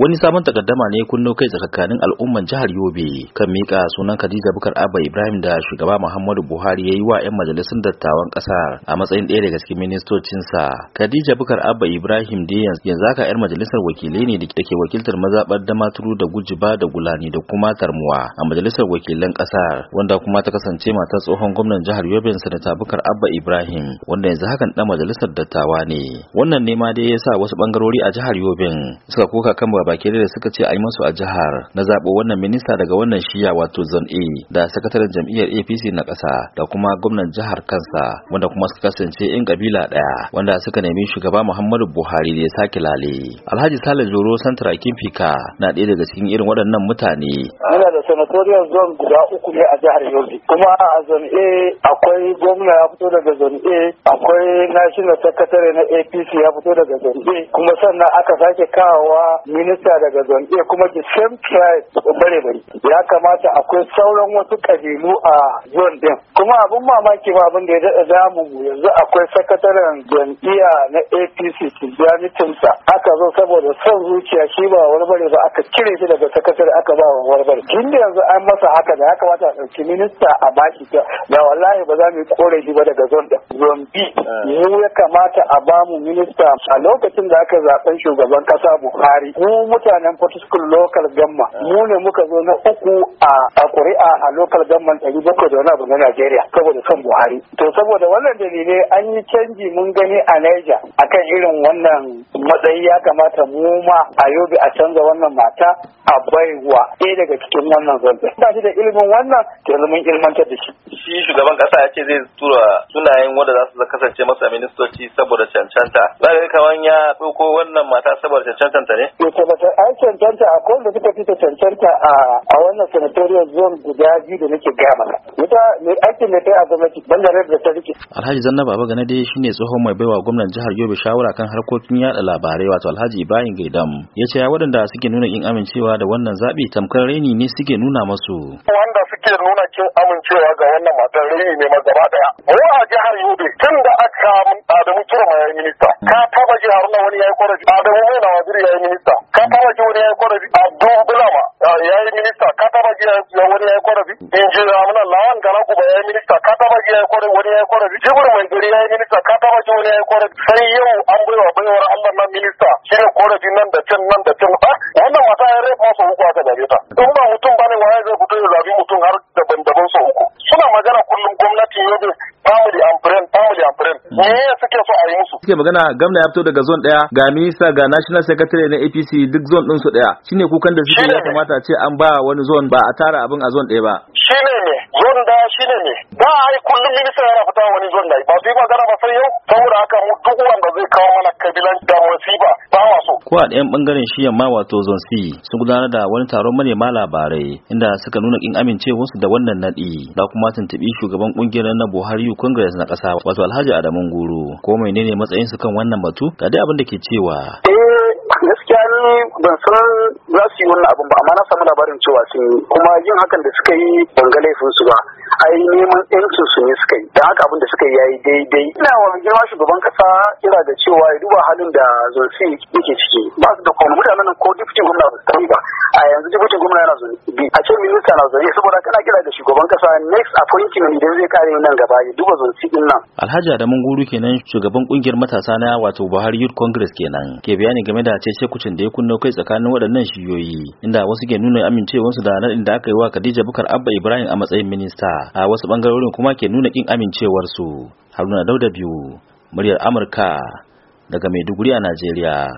wani sabon takaddama ne kunno kai tsakanin al'umman jihar Yobe kan mika sunan Khadija Bukar Abba Ibrahim da shugaba Muhammadu Buhari ya yi wa 'yan majalisun dattawan kasar a matsayin ɗaya daga cikin ministocin sa. Khadija Bukar Abba Ibrahim da yanzu haka 'yar majalisar wakilai ne da ke wakiltar mazabar Damaturu da Gujiba da Gulani da kuma Tarmuwa a majalisar wakilan kasar wanda kuma ta kasance matar tsohon gwamnan jihar Yobe Sanata Bukar Abba Ibrahim wanda yanzu hakan ɗan majalisar dattawa ne. Wannan ne ma dai ya sa wasu bangarori a jihar Yobe suka koka kan baki da suka ce a yi masu a jihar na zaɓo wannan minista daga wannan shiya wato zone A da sakataren jam'iyyar APC na ƙasa da kuma gwamnan jihar kansa wanda kuma suka kasance 'yan kabila ɗaya wanda suka nemi shugaba Muhammadu Buhari da ya sake lale. Alhaji Sale Joro Santara Kimfika na ɗaya daga cikin irin waɗannan mutane. Muna da sanatoriyar zone guda uku ne a jihar Yobe. Kuma a zone A akwai gwamna ya fito daga zone A, akwai national secretary na APC ya fito daga zone A, kuma sannan aka sake kawowa minista halitta daga kuma the same tribe bare bare ya kamata akwai sauran wasu kabilu a zon din kuma abin mamaki ma abin da ya daɗa zamu yanzu akwai sakataren jam'iyya na apc tijjani tinsa aka zo saboda son zuciya shi ba warbare ba aka cire shi daga sakatare aka ba wa warbare tun yanzu an masa haka da ya kamata a ɗauki minista a bashi ta da wallahi ba za mu yi korafi ba daga zon din zon b eh. mu ya kamata a bamu minista a lokacin da aka zaɓen shugaban kasa buhari mu mutanen Portugal local gamma eh. mu ne muka zo na uku a ƙuri'a a local gamman ɗari bakwai da wani abu na Najeriya saboda kan Buhari. To saboda wannan dalilai an yi canji mun gani a Niger akan irin wannan matsayi ya kamata mu ma a yobe a canza wannan mata a baiwa ɗaya daga cikin wannan zanzu. Ba shi da ilimin wannan to mun ilmantar da shi. Shi shugaban ƙasa ya ce zai tura sunayen wanda za su kasance masa ministoci saboda cancanta. Za ka kamar ya ɗauko wannan mata saboda cancanta ne? Eh, an cancanta a da suka fi cancanta a wannan sanatoriyar zone guda biyu da nake gama Wuta mai aikin mai kai a gwamnati bangaren da ta rike. alhaji zannaba abu gane dai ne tsohon mai baiwa gwamnan jihar yobe shawara kan harkokin yada labarai wato alhaji ibrahim gaidam ya ce ya waɗanda suke nuna kin amincewa da wannan zaɓi tamkar raini ne suke nuna masu. wanda suke nuna kin amincewa ga wannan matar raini ne ma gaba ɗaya. mu a jihar yobe tun da aka minista ka taba ji haruna wani yayi korafi a da wani na wajiri yayi minista ka taba ji wani yayi korafi a dubu bulama yayi minista ka taba ji wani yayi korafi in injiniya amna lawan gala kuba yayi minista ka taba ji yayi korafi wani yayi korafi jibur mai gari yayi minista ka taba ji wani yayi korafi sai yau an baiwa baiwar Allah na minista shi ne korafi nan da can nan da can ba wannan wata ya rai masa uku aka zabe ta in ba mutum bane waye zai fito ya zabi mutum har daban-daban sau uku suna magana kullum gwamnati yau da family and friend family and friend mm. me ya suke so a yi musu suke magana gwamnati ya fito daga zone daya ga minista ga national secretary na APC duk zone din su daya shine kukan da suke ya kamata ce an ba wani zone ba a tara abin a zone daya ba shine ne zone daya shine ne da ai kullum minista yana fita wani zone daya ba su magana ba sai yau saboda haka mu duk wanda zai kawo mana kabilan da musiba ba ma so ko a ɗayan bangaren shi yamma wato zone C sun gudanar da wani taron manema labarai inda suka nuna kin amincewarsu da wannan nadi da kuma kuma tuntubi shugaban kungiyar na Buhari Youth Congress na ƙasa wato Alhaji Adamu goro. ko menene matsayin su kan wannan batu ga dai abin da ke cewa eh, gaskiya ni ban san za su yi wannan abin ba amma na samu labarin cewa sun yi kuma yin hakan da suka yi ban ga laifin su ba ai neman yancin su ne suka yi da haka abin da suka yi yayi daidai ina wa girma shugaban kasa kira da cewa ya duba halin da zonsi yake ciki ba su da kwanu mutanen ko dukkan gwamna ba su ba a yanzu dukkan gwamna yana zonsi a ce minista na zonsi saboda kana kira da shugaban kasa next appointment idan zai kare nan gaba ya duba zonsi din nan Alhaji Adamu Guru kenan shugaban kungiyar matasa na wato Buhari Youth Congress kenan ke bayani game da ce kucin da ya kunno kai tsakanin waɗannan shiyoyi inda wasu ke nuna amincewarsu da naɗin da aka yi wa Khadija Bukar Abba Ibrahim a matsayin minista a wasu bangarorin kuma ke nuna kin amincewarsu haruna dauda biyu muryar amurka daga maiduguri a najeriya